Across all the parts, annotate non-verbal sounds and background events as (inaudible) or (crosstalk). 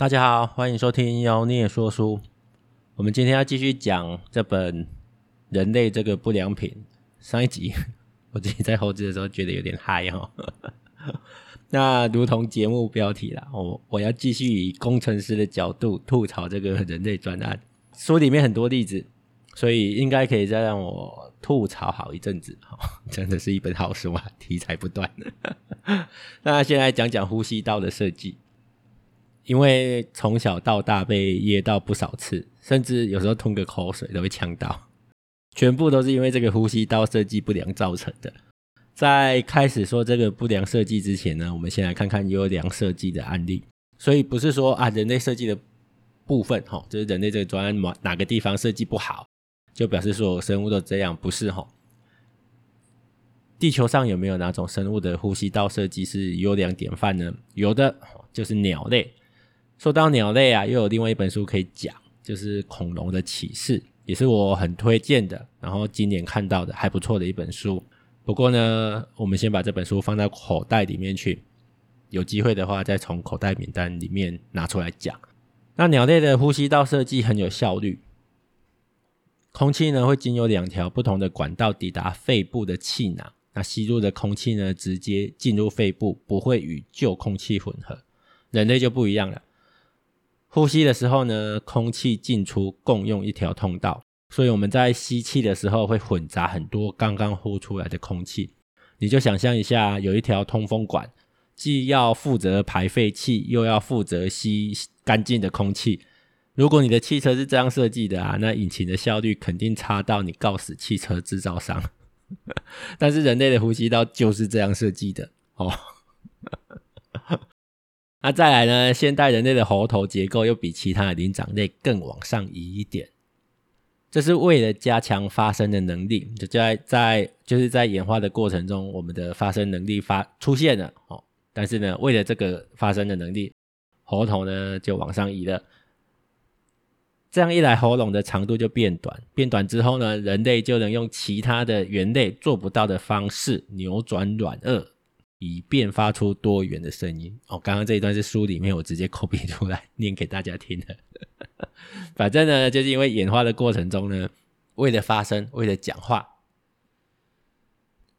大家好，歡迎收聽妖孽說書。我們今天要繼續講這本《人類這個不良品》。上一集我自己在猴子的時候覺得有點嗨哦。 (laughs) 那如同節目標題啦，我我要繼續以工程師的角度吐槽這個人類專案。書裡面很多例子，所以應該可以再讓我吐槽好一陣子 (laughs) 真的是一本好書啊，題材不斷。 (laughs) 那現在講講呼吸道的設計。因為從小到大被噎到不少次，甚至有時候吞個口水都會嗆到，全部都是因為這個呼吸道設計不良造成的。在開始說這個不良設計之前呢，我們先來看看優良設計的案例。所以不是說啊，人類設計的部分，吼、哦，就是人類這個專案，哪個地方設計不好，就表示所有生物都這樣，不是吼、哦？地球上有沒有哪種生物的呼吸道設計是優良典範呢？有的，就是鳥類。說到鳥類啊，又有另外一本書可以講，就是《恐龍的啟示》，也是我很推薦的。然後今年看到的還不錯的一本書。不過呢，我們先把這本書放到口袋裡面去，有機會的話再從口袋名單裡面拿出來講。那鳥類的呼吸道設計很有效率，空氣呢會經由兩條不同的管道抵達肺部的氣囊。那吸入的空氣呢，直接進入肺部，不會與舊空氣混合。人類就不一樣了。呼吸的時候呢，空氣進出共用一條通道，所以我們在吸氣的時候會混雜很多剛剛呼出來的空氣。你就想象一下，有一條通風管，既要負責排廢氣，又要負責吸乾淨的空氣。如果你的汽車是這樣設計的啊，那引擎的效率肯定差到你告死汽車製造商。 (laughs) 但是人類的呼吸道就是這樣設計的哦。那再來呢？現代人類的喉頭結構又比其他的靈長類更往上移一點，這是為了加強發聲的能力。就在在就是在演化的過程中，我們的發聲能力發出現了哦。但是呢，為了這個發聲的能力，喉頭呢就往上移了。這樣一來，喉嚨的長度就變短，變短之後呢，人類就能用其他的猿類做不到的方式扭轉軟齶。以便發出多元的聲音哦。剛剛這一段是書裡面我直接 copy 出來念給大家聽的。 (laughs) 反正呢，就是因為演化的過程中呢，為了發聲，為了講話，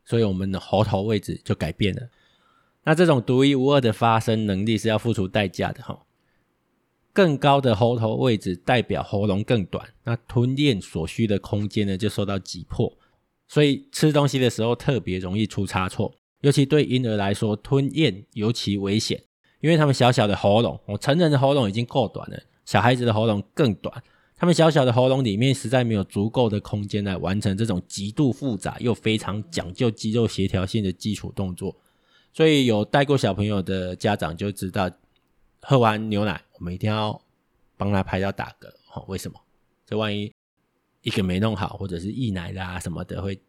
所以我們的喉頭位置就改變了。那這種獨一無二的發聲能力是要付出代價的哈。更高的喉頭位置代表喉嚨更短，那吞咽所需的空間呢就受到擠迫，所以吃東西的時候特別容易出差錯。尤其對嬰兒來說，吞嚥尤其危險，因為他們小小的喉嚨，我成人的喉嚨已經夠短了，小孩子的喉嚨更短，他們小小的喉嚨裡面實在沒有足夠的空間來完成這種極度複雜又非常講究肌肉協調性的基礎動作。所以有帶過小朋友的家長就知道，喝完牛奶，我們一定要幫他拍到打嗝。哦，為什麼？這萬一一個沒弄好，或者是溢奶啦、啊、什麼的，會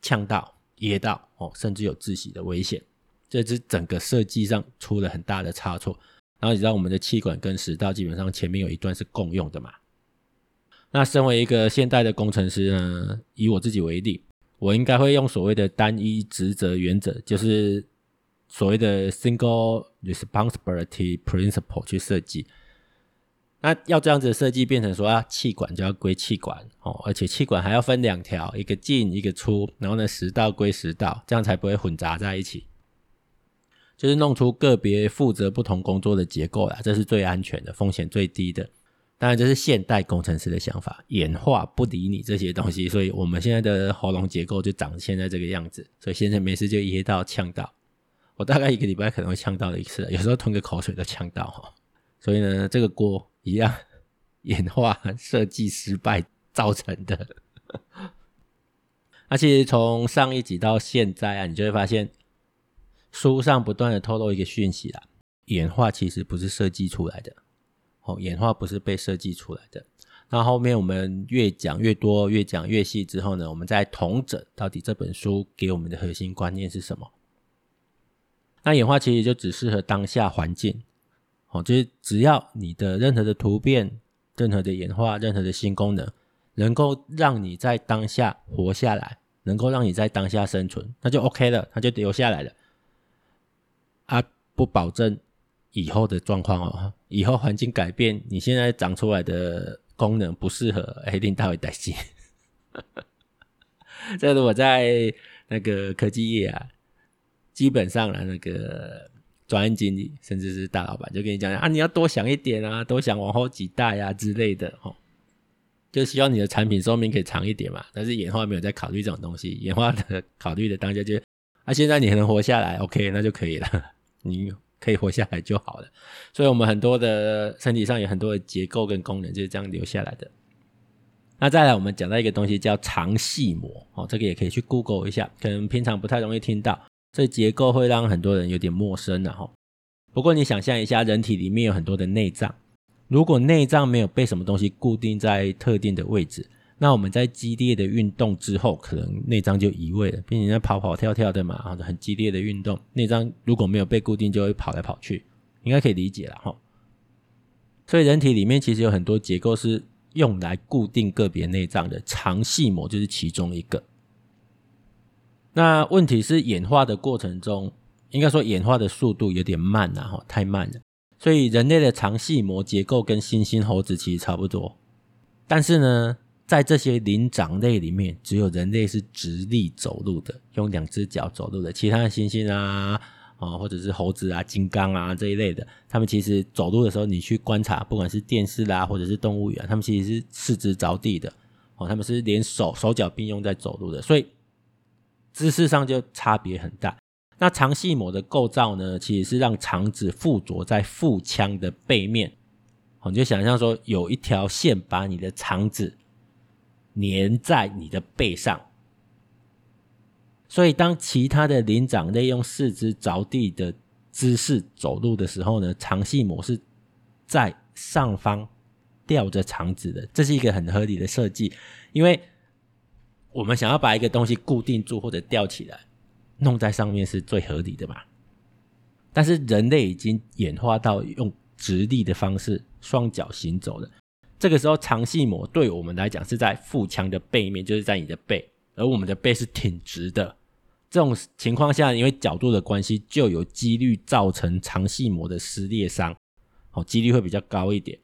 嗆到。噎到哦，甚至有窒息的危險，這是整個設計上出了很大的差錯。然後你知道，我們的氣管跟食道基本上前面有一段是共用的嘛，那身為一個現代的工程師呢，以我自己為例，我應該會用所謂的單一職責原則，就是所謂的 single responsibility principle 去設計。那要這樣子設計，變成說啊，氣管就要歸氣管哦，而且氣管還要分兩條，一個進一個出，然後呢，食道歸食道，這樣才不會混雜在一起。就是弄出個別負責不同工作的結構啦，這是最安全的，風險最低的。當然這是現代工程師的想法，演化不理你這些東西，所以我們現在的喉嚨結構就長現在這個樣子。所以先生沒事就噎到嗆到，我大概一個禮拜可能會嗆到一次，有時候吞個口水都嗆到哦。所以呢，這個鍋。一樣，演化設計失敗造成的。那其實從上一集到現在啊，你就會發現書上不斷的透露一個訊息啦：演化其實不是設計出來的，哦，演化不是被設計出來的。那後面我們越講越多，越講越細之後呢，我們再統整到底這本書給我們的核心觀念是什麼？那演化其實就只適合當下環境。哦，就是只要你的任何的突變、任何的演化、任何的新功能，能夠讓你在當下活下來，能夠讓你在當下生存，那就 OK 了，它就留下來了。啊，不保證以後的狀況哦，以後環境改變，你現在長出來的功能不適合，一定大為打擊。 (laughs) 這是我在那個科技業啊，基本上呢、啊，那個。專業經理，甚至是大老闆，就跟你講啊，你要多想一點啊，多想往後幾代啊之類的哦，就希望你的產品壽命可以長一點嘛。但是演化沒有在考慮這種東西，演化的考慮的當下就啊，現在你還能活下來，OK，那就可以了，你可以活下來就好了。所以，我們很多的身體上有很多的結構跟功能就是這樣留下來的。那再來，我們講到一個東西叫腸繫膜哦，這個也可以去 Google 一下，可能平常不太容易聽到。這結構會讓很多人有點陌生了哈。不過你想象一下，人體裡面有很多的內臟，如果內臟沒有被什麼東西固定在特定的位置，那我們在激烈的運動之後，可能內臟就移位了，並且在跑跑跳跳的嘛，很激烈的運動，內臟如果沒有被固定，就會跑來跑去，應該可以理解了哈。所以人體裡面其實有很多結構是用來固定個別內臟的，腸繫膜就是其中一個。那問題是演化的過程中，應該說演化的速度有點慢啦，哈，太慢了。所以人類的腸繫膜結構跟猩猩、猴子其實差不多，但是呢，在這些靈長類裡面，只有人類是直立走路的，用兩隻腳走路的。其他的猩猩啊，哦，或者是猴子啊、金剛啊這一類的，他們其實走路的時候，你去觀察，不管是電視啦、啊，或者是動物園、啊，他們其實是四肢着地的，哦，他們是連手手腳並用在走路的，所以。姿勢上就差別很大。那腸繫膜的構造呢，其實是讓腸子附着在腹腔的背面。你就想象說，有一條線把你的腸子粘在你的背上。所以，當其他的靈長類用四肢着地的姿勢走路的時候呢，腸繫膜是在上方吊着腸子的。這是一個很合理的設計，因為，我們想要把一個東西固定住或者吊起來，弄在上面是最合理的嘛？但是人類已經演化到用直立的方式雙腳行走了，這個時候腸繫膜對我們來講是在腹腔的背面，就是在你的背，而我們的背是挺直的，這種情況下，因為角度的關係，就有幾率造成腸繫膜的撕裂傷，哦，幾率會比較高一點。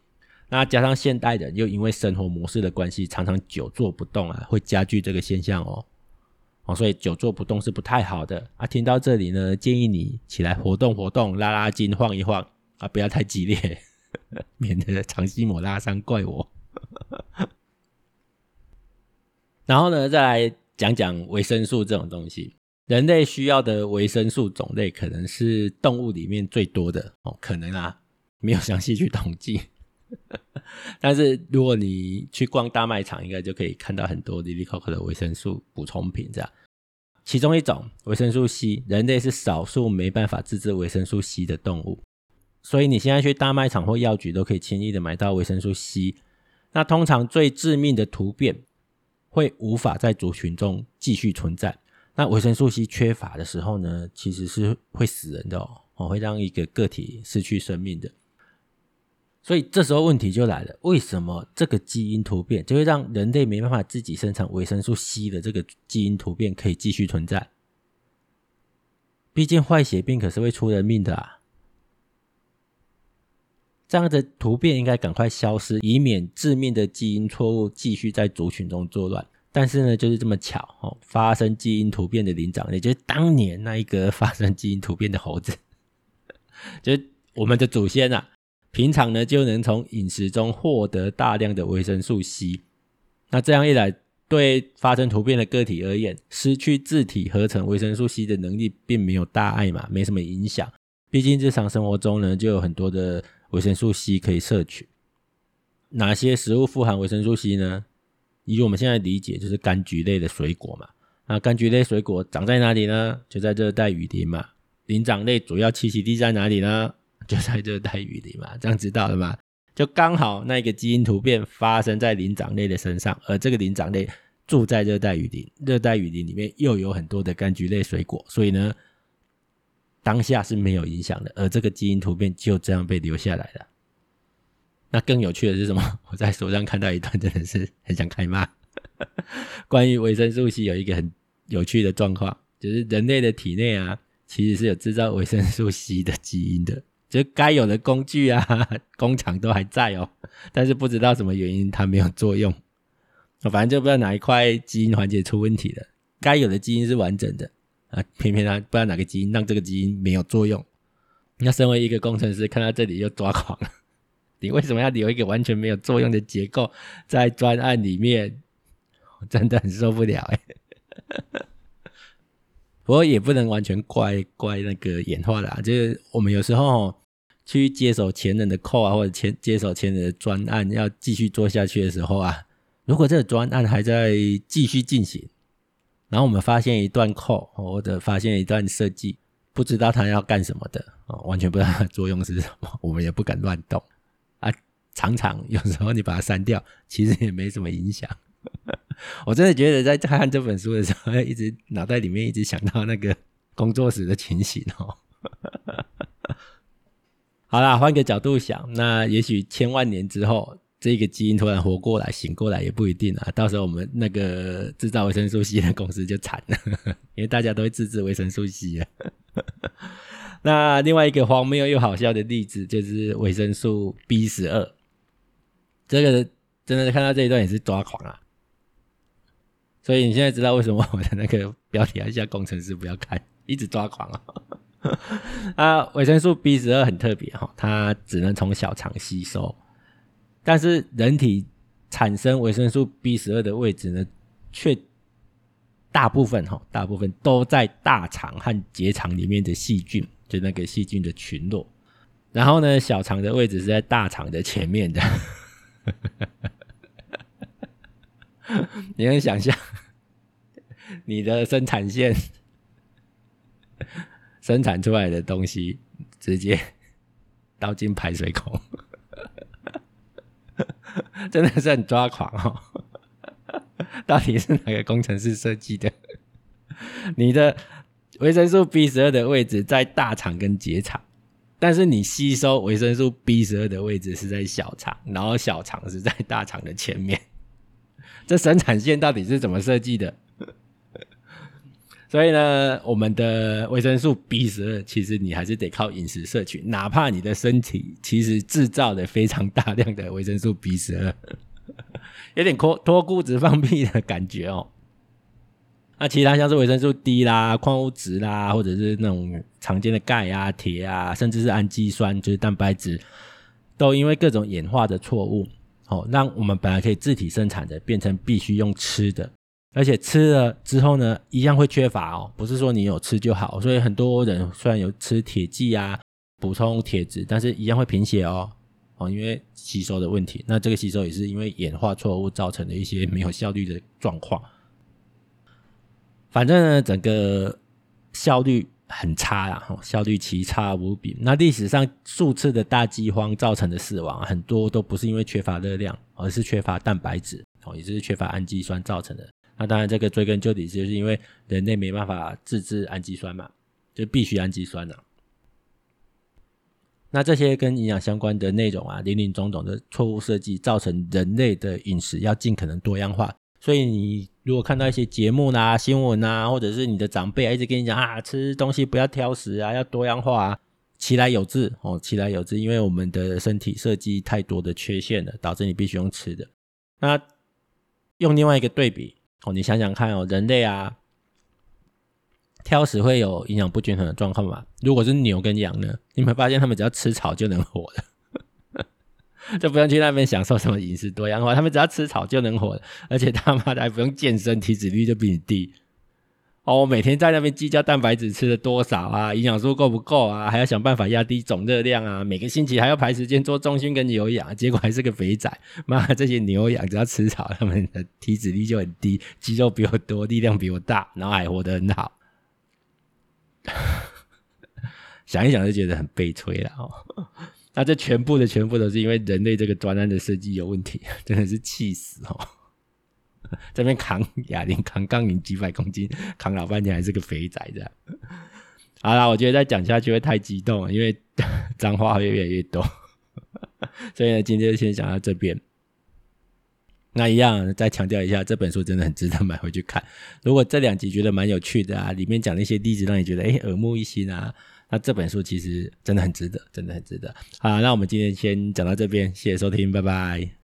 那加上現代人又因為生活模式的關係，常常久坐不動啊，會加劇這個現象哦。哦，所以久坐不動是不太好的啊。聽到這裡呢，建議你起來活動活動，拉拉筋，晃一晃啊，不要太激烈， (laughs) 免得長期某拉傷怪我。 (laughs) 然後呢，再來講講維生素這種東西，人類需要的維生素種類可能是動物裡面最多的哦，可能啊，沒有詳細去統計。 (laughs) 但是如果你去逛大賣場，應該就可以看到很多 l i l y c o c o 的維生素補充品這樣。其中一種維生素 C，人類是少數沒辦法自制維生素 C 的動物，所以你現在去大賣場或藥局都可以輕易的買到維生素 C。那通常最致命的突變會無法在族群中繼續存在。那維生素 C 缺乏的時候呢，其實是會死人的哦，會讓一個個體失去生命的。所以這時候問題就來了：為什麼這個基因突變就會讓人類沒辦法自己生產維生素 C 的這個基因突變可以繼續存在？畢竟壞血病可是會出人命的啊！這樣的突變應該趕快消失，以免致命的基因錯誤繼續在族群中作亂。但是呢，就是這麼巧哦，發生基因突變的靈長，也就是當年那一個發生基因突變的猴子，就是我們的祖先啊。平常呢，就能從飲食中獲得大量的維生素 C，那這樣一來，對發生突變的個體而言，失去自體合成維生素 C 的能力並沒有大礙嘛，沒什麼影響。畢竟日常生活中呢，就有很多的維生素 C 可以攝取。哪些食物富含維生素 C 呢？以我們現在理解，就是柑橘類的水果嘛。那柑橘類水果長在哪裡呢？就在熱帶雨林嘛。靈長類主要棲息地在哪裡呢？就在熱帶雨林嘛，這樣知道了嗎？就剛好那個基因突變發生在靈長類的身上，而這個靈長類住在熱帶雨林，熱帶雨林裡面又有很多的柑橘類水果，所以呢，當下是沒有影響的，而這個基因突變就這樣被留下來了。那更有趣的是什麼？我在手上看到一段，真的是很想開罵。 (laughs) 關於維生素 C 有一個很有趣的狀況，就是人類的體內啊，其實是有製造維生素 C 的基因的。就該有的工具啊，工廠都還在哦，但是不知道什麼原因它沒有作用。我反正就不知道哪一塊基因環節出問題了。該有的基因是完整的啊，偏偏它不知道哪個基因讓這個基因沒有作用。那身為一個工程師看到這裡又抓狂了。你為什麼要留一個完全沒有作用的結構在專案裡面？我真的很受不了誒、欸不過也不能完全怪怪那個演化了啊，就是我們有時候去接手前人的 code 啊，或者前接手前人的專案要繼續做下去的時候啊，如果這個專案還在繼續進行，然後我們發現一段 code 或者發現一段設計，不知道它要幹什麼的啊，完全不知道它的作用是什麼，我們也不敢亂動啊。常常有時候你把它刪掉，其實也沒什麼影響。我真的覺得在看這本書的時候，一直腦袋裡面一直想到那個工作室的情形哦。 (laughs) 好啦，換個角度想，那也許千萬年之後，這個基因突然活過來、醒過來也不一定啊。到時候我們那個製造維生素 C 的公司就慘了， (laughs) 因為大家都會自製維生素 C 了、啊。 (laughs) 那另外一個荒謬又好笑的例子就是維生素 B 十二，這個真的看到這一段也是抓狂啊。所以你現在知道為什麼我的那個標題啊，叫“工程師不要看”，一直抓狂了、哦。 (laughs) 啊，維生素 B 十二很特別哈，它只能從小腸吸收，但是人體產生維生素 B 十二的位置呢，卻大部分哈，大部分都在大腸和結腸裡面的細菌，就是、那個細菌的群落。然後呢，小腸的位置是在大腸的前面的。 (laughs) 你能想象你的生產線生產出來的東西直接倒進排水孔，真的是很抓狂哦！到底是哪個工程師設計的？你的維生素 B 十二的位置在大腸跟結腸，但是你吸收維生素 B 十二的位置是在小腸，然後小腸是在大腸的前面。這生產線到底是怎麼設計的？ (laughs) 所以呢，我們的維生素 B 十二，其實你還是得靠飲食攝取，哪怕你的身體其實制造的非常大量的維生素 B 十二， (laughs) 有點脫脫褲子放屁的感覺哦。那啊，其他像是維生素 D 啦，礦物質啦，或者是那種常見的鈣啊、鐵啊，甚至是氨基酸，就是蛋白質，都因為各種演化的錯誤。哦，讓我們本來可以自體生產的，變成必須用吃的，而且吃了之後呢，一樣會缺乏哦。不是說你有吃就好，所以很多人雖然有吃鐵劑啊，補充鐵質，但是一樣會貧血哦。哦，因為吸收的問題，那這個吸收也是因為演化錯誤造成的一些沒有效率的狀況。反正呢，整個效率，很差啊，效率奇差無比。那歷史上數次的大饑荒造成的死亡，很多都不是因為缺乏熱量，而是缺乏蛋白質哦，也就是缺乏氨基酸造成的。那當然，這個追根究底，就是因為人類沒辦法自制，制氨基酸嘛，就必需氨基酸的、啊。那這些跟營養相關的內容啊，林林總總的錯誤設計，造成人類的飲食要盡可能多樣化。所以你如果看到一些節目啦、啊，新聞啊或者是你的長輩啊一直跟你講啊，吃東西不要挑食啊，要多樣化啊，其來有自哦，其來有自，因為我們的身體設計太多的缺陷了，導致你必須用吃的。那用另外一個對比哦，你想想看哦，人類啊挑食會有營養不均衡的狀況嘛？如果是牛跟羊呢，你有沒發現他們只要吃草就能活的？就不用去那邊享受什麼飲食多樣化，他們只要吃草就能活，而且他媽的還不用健身，體脂率就比你低。哦，我每天在那邊計較蛋白質吃了多少啊，營養素夠不夠啊，還要想辦法壓低總熱量啊，每個星期還要排時間做重訓跟有氧，結果還是個肥仔。媽，這些牛羊只要吃草，他們的體脂率就很低，肌肉比我多，力量比我大，然後還活得很好。 (laughs) 想一想就覺得很悲催了哦。那這全部的全部都是因為人類這個專案的設計有問題，真的是氣死哦！這邊扛啞鈴扛槓鈴幾百公斤，扛老半天還是個肥宅這樣。好啦，我覺得再講下去會太激動了，因為髒話會越來越多，所以呢，今天就先講到這邊。那一樣再強調一下，這本書真的很值得買回去看。如果這兩集覺得蠻有趣的啊，裡面講的一些例子讓你覺得誒耳目一新啊。那這本書其實真的很值得，真的很值得。好，那我們今天先講到這邊，謝謝收聽，拜拜。